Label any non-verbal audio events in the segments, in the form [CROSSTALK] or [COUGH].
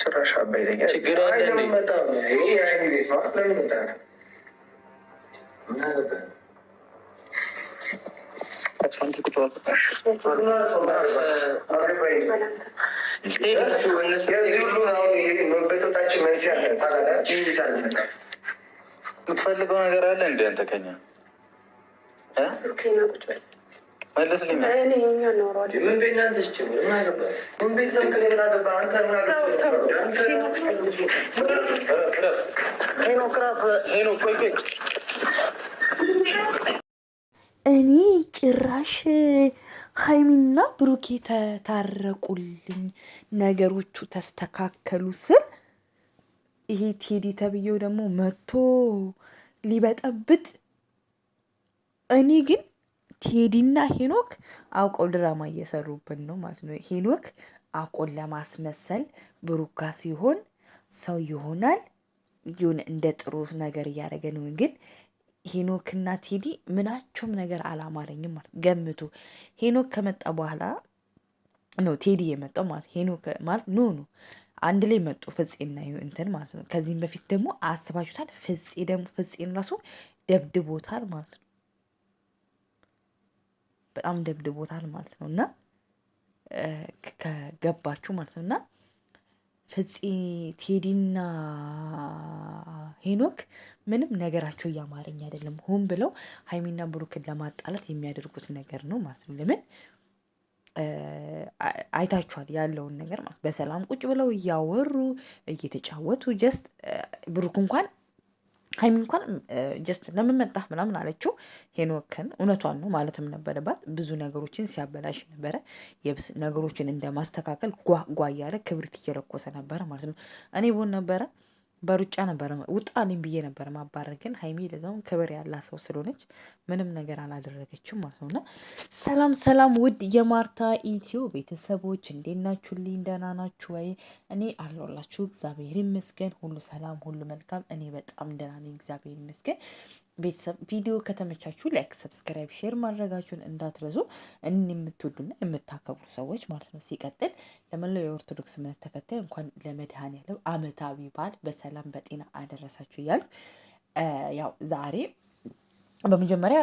ጭራሽ አባይ ይለኛል። ችግር አለ የምትፈልገው ነገር አለ እንደ አንተ ከኛ እኔ ጭራሽ ሀይሚና ብሩኬ ተታረቁልኝ፣ ነገሮቹ ተስተካከሉ ስል ይሄ ቴዲ ተብዬው ደግሞ መጥቶ ሊበጠብጥ እኔ ግን ቴዲና ሄኖክ አውቀው ድራማ እየሰሩብን ነው ማለት ነው። ሄኖክ አውቆን ለማስመሰል ብሩካ ሲሆን ሰው ይሆናል ይሁን እንደ ጥሩ ነገር እያደረገ ነው። ግን ሄኖክና ቴዲ ምናቸውም ነገር አላማረኝም ማለት ገምቱ። ሄኖክ ከመጣ በኋላ ነው ቴዲ የመጣው ማለት ሄኖክ ማለት ኖ ኖ አንድ ላይ መጡ ፍጼና እንትን ማለት ነው። ከዚህም በፊት ደግሞ አስባችሁታል። ፍጼ ደግሞ ፍጼን ራሱ ደብድቦታል ማለት ነው። በጣም ደብድቦታል ማለት ነው። እና ከገባችሁ ማለት ነው። እና ፍፄ ቴዲና ሄኖክ ምንም ነገራቸው እያማረኝ አይደለም። ሆን ብለው ሀይሚና ብሩክን ለማጣላት የሚያደርጉት ነገር ነው ማለት ነው። ለምን አይታችኋል ያለውን ነገር ማለት በሰላም ቁጭ ብለው እያወሩ እየተጫወቱ ጀስት ብሩክ እንኳን ሀይሚ እንኳን ጀስት ለምን መጣህ ምናምን አለችው። ሄኖክን እውነቷን ነው ማለትም ነበረባት። ብዙ ነገሮችን ሲያበላሽ ነበረ። የብስ ነገሮችን እንደማስተካከል ጓ እያለ ክብሪት እየለኮሰ ነበረ ማለት ነው። እኔ ቦን ነበረ በሩጫ ነበረ ልኝ ብዬ ነበረ ማባረር፣ ግን ሀይሚ ለዛውን ክብር ያላ ሰው ስለሆነች ምንም ነገር አላደረገችም ማለት ነው። እና ሰላም ሰላም፣ ውድ የማርታ ኢትዮ ቤተሰቦች እንዴት ናችሁልኝ? ደህና ናችሁ ወይ? እኔ አለሁላችሁ፣ እግዚአብሔር ይመስገን። ሁሉ ሰላም፣ ሁሉ መልካም። እኔ በጣም ደህና ነኝ፣ እግዚአብሔር ይመስገን። ቤተሰብ ቪዲዮ ከተመቻችሁ ላይክ፣ ሰብስክራይብ፣ ሼር ማድረጋችሁን እንዳትረሱ እን የምትወዱና የምታከብሩ ሰዎች ማለት ነው። ሲቀጥል ለመላው የኦርቶዶክስ እምነት ተከታይ እንኳን ለመድኃኔዓለም ዓመታዊ በዓል በሰላም በጤና አደረሳችሁ እያልኩ ያው ዛሬ በመጀመሪያ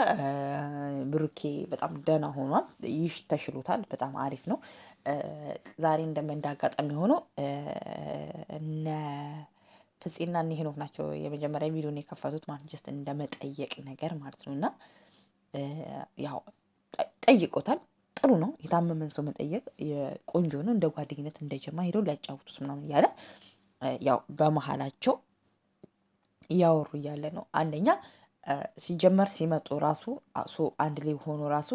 ብሩኬ በጣም ደህና ሆኗል። ይሽ ተሽሎታል። በጣም አሪፍ ነው። ዛሬ እንደመንዳ አጋጣሚ ሆኖ ፍጼና እነ ሄኖክ ናቸው የመጀመሪያ ቪዲዮን የከፈቱት ማለት ጀስት እንደመጠየቅ ነገር ማለት ነው። እና ያው ጠይቆታል። ጥሩ ነው የታመመን ሰው መጠየቅ ቆንጆ ነው። እንደ ጓደኝነት እንደ ጀማ ሄደው ሊያጫውቱት ምናምን እያለ ያው በመሀላቸው እያወሩ እያለ ነው። አንደኛ ሲጀመር ሲመጡ ራሱ አንድ ላይ ሆኖ ራሱ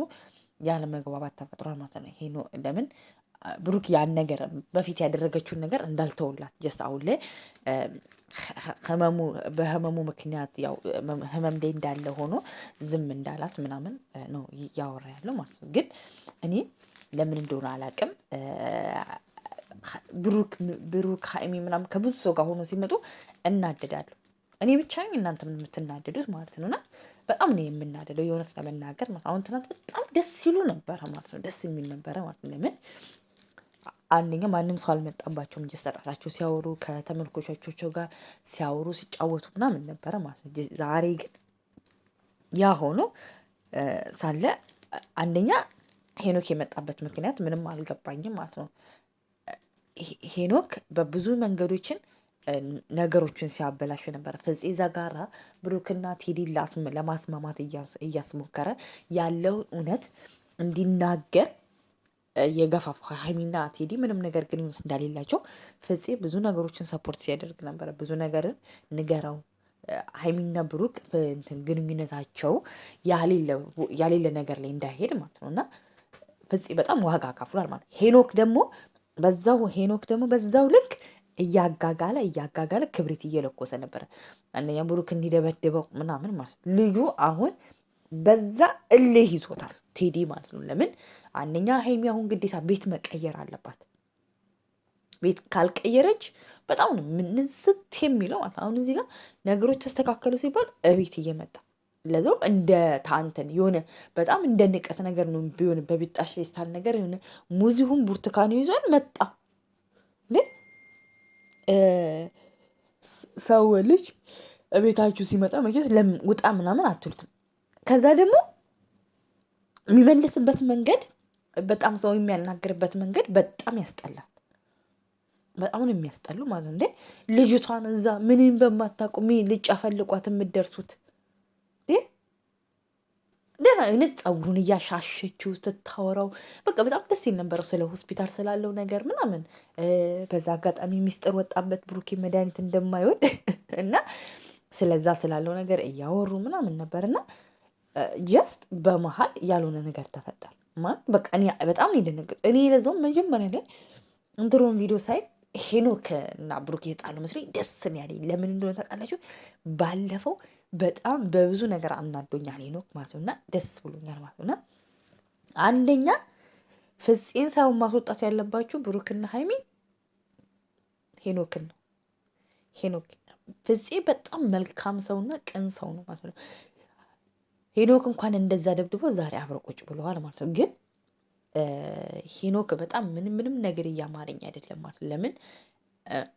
ያለመግባባት ተፈጥሯል ማለት ነው። ይሄ ለምን ብሩክ ያን ነገር በፊት ያደረገችውን ነገር እንዳልተውላት ጀስ አሁን ላይ ህመሙ በህመሙ ምክንያት ያው ህመም ላይ እንዳለ ሆኖ ዝም እንዳላት ምናምን ነው እያወራ ያለው ማለት ነው። ግን እኔ ለምን እንደሆነ አላቅም ብሩክ ብሩክ ሀይሚ ምናምን ከብዙ ሰው ጋር ሆኖ ሲመጡ እናደዳለሁ። እኔ ብቻ እናንተ የምትናደዱት ማለት ነው። እና በጣም ነው የምናደደው የእውነት ለመናገር ማለት አሁን ትናንት በጣም ደስ ሲሉ ነበረ ማለት ነው። ደስ የሚል ነበረ ማለት ነው። ለምን አንደኛ ማንም ሰው አልመጣባቸውም ጀስት ራሳቸው ሲያወሩ ከተመልካቾቻቸው ጋር ሲያወሩ ሲጫወቱ ምናምን ነበረ ማለት ነው። ዛሬ ግን ያ ሆኖ ሳለ አንደኛ ሄኖክ የመጣበት ምክንያት ምንም አልገባኝም ማለት ነው። ሄኖክ በብዙ መንገዶችን ነገሮችን ሲያበላሽ ነበረ ፍፄ ጋራ ብሩክና ቴዲ ለማስማማት እያስሞከረ ያለውን እውነት እንዲናገር የገፋፋ ሀይሚና ቴዲ ምንም ነገር ግንኙነት እንዳሌላቸው ፍፄ ብዙ ነገሮችን ሰፖርት ሲያደርግ ነበረ። ብዙ ነገርን ንገረው ሀይሚና ብሩክ እንትን ግንኙነታቸው ያሌለ ነገር ላይ እንዳይሄድ ማለት ነው እና ፍፄ በጣም ዋጋ ከፍሏል ማለት ሄኖክ ደግሞ በዛው ሄኖክ ደግሞ በዛው ልክ እያጋጋለ እያጋጋለ ክብሪት እየለኮሰ ነበረ። አንደኛ ብሩክ እንዲደበድበው ምናምን ማለት ልጁ አሁን በዛ እልህ ይዞታል ቴዲ ማለት ነው። ለምን አንደኛ ሀይሚ አሁን ግዴታ ቤት መቀየር አለባት። ቤት ካልቀየረች በጣም ነው ምንስት የሚለው ማለት አሁን እዚህ ጋር ነገሮች ተስተካከሉ ሲባል እቤት እየመጣ ለዛውም እንደ ታንተን የሆነ በጣም እንደ ንቀት ነገር ነው ቢሆን በቢጣሽ ፌስታል ነገር የሆነ ሙዚሁን ቡርትካኑ ይዟል መጣ። ግን ሰው ልጅ እቤታችሁ ሲመጣ መቼስ ለውጣ ምናምን አትሉትም። ከዛ ደግሞ የሚመልስበት መንገድ በጣም ሰው የሚያናግርበት መንገድ በጣም ያስጠላል። በጣም ነው የሚያስጠሉ ማለት ነው። እንዴ ልጅቷን እዛ ምንም በማታቁሚ ምን ልጭ አፈልቋት የምደርሱት ደህና አይነት ጸጉሩን እያሻሸችው ስታወራው በቃ በጣም ደስ ይል ነበረው፣ ስለ ሆስፒታል ስላለው ነገር ምናምን። በዛ አጋጣሚ ሚስጥር ወጣበት ብሩኬ መድኃኒት እንደማይወድ [LAUGHS] እና ስለዛ ስላለው ነገር እያወሩ ምናምን ነበር እና ጀስት በመሀል ያልሆነ ነገር ተፈጠር ማን በቃ እኔ በጣም ነው የደነገጥኩት። እኔ ለዛውም መጀመሪያ ላይ እንትሮን ቪዲዮ ሳይ ሄኖክ እና ብሩክ የተጣሉ መስሎኝ ደስ ነው ያለኝ። ለምን እንደሆነ ታውቃላችሁ? ባለፈው በጣም በብዙ ነገር አናዶኛል ሄኖክ ማለት ነው እና ደስ ብሎኛል ማለት ነው እና አንደኛ ፍፄን ሳይሆን ማስወጣት ያለባችሁ ብሩክና ሀይሚ ሄኖክን ነው። ሄኖክ ፍፄ በጣም መልካም ሰውና ቅን ሰው ነው ማለት ነው። ሄኖክ እንኳን እንደዛ ደብድቦ ዛሬ አብረው ቁጭ ብለዋል ማለት ነው። ግን ሄኖክ በጣም ምንም ምንም ነገር እያማረኝ አይደለም ማለት ነው። ለምን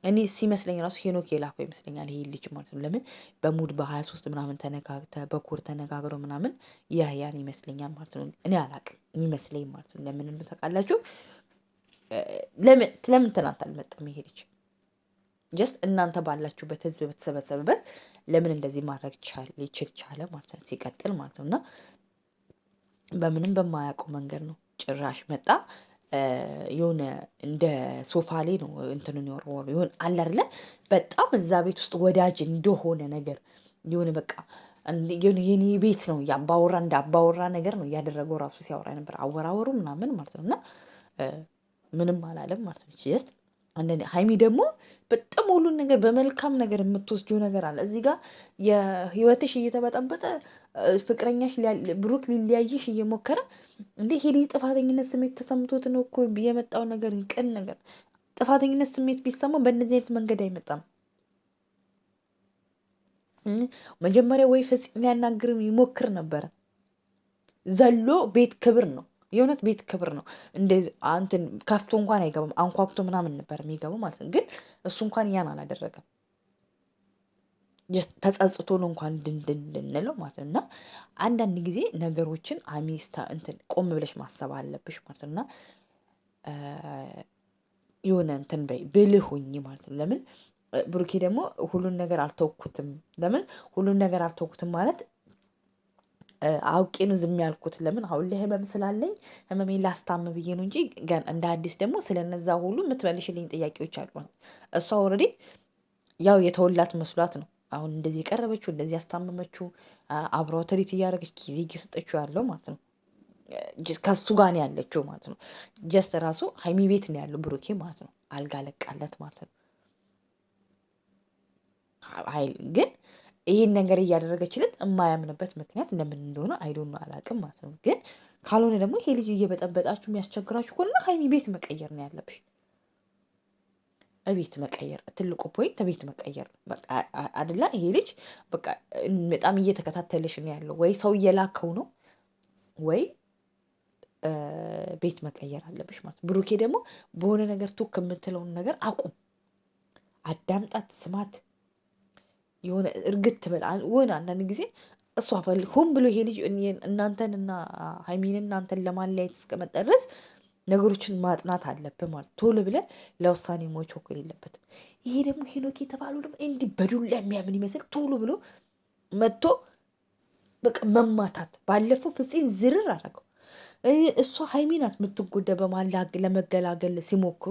እኔ ሲመስለኝ ራሱ ሄኖክ የላከው ይመስለኛል ይሄ ልጅ ማለት ነው። ለምን በሙድ በሀያ ሶስት ምናምን ተነጋግተ በኩር ተነጋግሮ ምናምን ያህያን ይመስለኛል ማለት ነው። እኔ አላቅም ይመስለኝ ማለት ነው። ለምን ታውቃላችሁ? ለምን ትናንት አልመጣም ይሄ ልጅ? ጀስት እናንተ ባላችሁበት ህዝብ በተሰበሰበበት ለምን እንደዚህ ማድረግ ይችል ቻለ ማለት ነው። ሲቀጥል ማለት ነው እና በምንም በማያውቀው መንገድ ነው ጭራሽ መጣ። የሆነ እንደ ሶፋ ላይ ነው እንትንን የወረወሩ ይሆን አለ አይደለ? በጣም እዛ ቤት ውስጥ ወዳጅ እንደሆነ ነገር የሆነ በቃ የኔ ቤት ነው አባወራ እንደ አባወራ ነገር ነው እያደረገው ራሱ ሲያወራ ነበር። አወራወሩ ምናምን ማለት ነው እና ምንም አላለም ማለት ነው ጀስት አንደኛ ሀይሚ ደግሞ በጣም ሁሉን ነገር በመልካም ነገር የምትወስጂው ነገር አለ። እዚህ ጋር የህይወትሽ እየተበጠበጠ ፍቅረኛሽ ብሩክ ሊለያይሽ እየሞከረ እንዴ ይሄ ጥፋተኝነት ስሜት ተሰምቶት ነው እኮ የመጣው ነገር ቅን ነገር ጥፋተኝነት ስሜት ቢሰማ በእነዚህ አይነት መንገድ አይመጣም። መጀመሪያ ወይ ፍጽ ሊያናግርም ይሞክር ነበረ ዘሎ ቤት ክብር ነው የእውነት ቤት ክብር ነው። እንደ እንትን ከፍቶ እንኳን አይገባም። አንኳኩቶ ምናምን ነበር የሚገቡ ማለት ነው። ግን እሱ እንኳን እያን አላደረገም። ተጸጽቶ ነው እንኳን ድንድንድንለው ማለት ነው። እና አንዳንድ ጊዜ ነገሮችን አሚስታ እንትን ቆም ብለሽ ማሰብ አለብሽ ማለት ነው። እና የሆነ እንትን በይ ብልሁኝ ማለት ነው። ለምን ብሩኬ ደግሞ ሁሉን ነገር አልተወኩትም። ለምን ሁሉን ነገር አልተወኩትም ማለት አውቄ ነው ዝም ያልኩት ለምን አሁን ላይ ህመም ስላለኝ ህመሜን ላስታም ብዬ ነው እንጂ ገና እንደ አዲስ ደግሞ ስለነዛ ሁሉ የምትመልሽልኝ ጥያቄዎች አሉ። እሷ ኦሬዲ ያው የተወላት መስሏት ነው አሁን እንደዚህ የቀረበችው እንደዚህ ያስታመመችው አብሮ ትሪት እያደረገች ጊዜ እየሰጠችው ያለው ማለት ነው። ከሱ ጋር ነው ያለችው ማለት ነው። ጀስት ራሱ ሀይሚ ቤት ነው ያለው ብሩኬ ማለት ነው። አልጋ ለቃለት ማለት ነው። ግን ይሄን ነገር እያደረገችልን የማያምንበት ምክንያት ለምን እንደሆነ አይዶን አላቅም ማለት ነው። ግን ካልሆነ ደግሞ ይሄ ልጅ እየበጠበጣችሁ የሚያስቸግራችሁ ከሆነ ሀይሚ ቤት መቀየር ነው ያለብሽ። ቤት መቀየር ትልቁ ፖይንት ቤት መቀየር አደላ። ይሄ ልጅ በቃ በጣም እየተከታተለሽ ነው ያለው። ወይ ሰው እየላከው ነው ወይ ቤት መቀየር አለብሽ ማለት ብሩኬ ደግሞ በሆነ ነገር ቱክ የምትለውን ነገር አቁም፣ አዳምጣት፣ ስማት። የሆነ እርግት ትበል ሆነ አንዳንድ ጊዜ እሷ ሆን ብሎ ይሄ ልጅ እናንተን እና ሀይሚን እናንተን ለማለያየት እስከመጣ ድረስ ነገሮችን ማጥናት አለብ ማለት ቶሎ ብለ ለውሳኔ መቸኮል የለበትም። ይሄ ደግሞ ሄኖክ የተባለው ደግሞ እንዲህ በዱላ የሚያምን ይመስል ቶሎ ብሎ መጥቶ በቃ መማታት። ባለፈው ፍፄን ዝርር አረገው። እሷ ሀይሚናት ናት የምትጎዳ በማላግ ለመገላገል ሲሞክሩ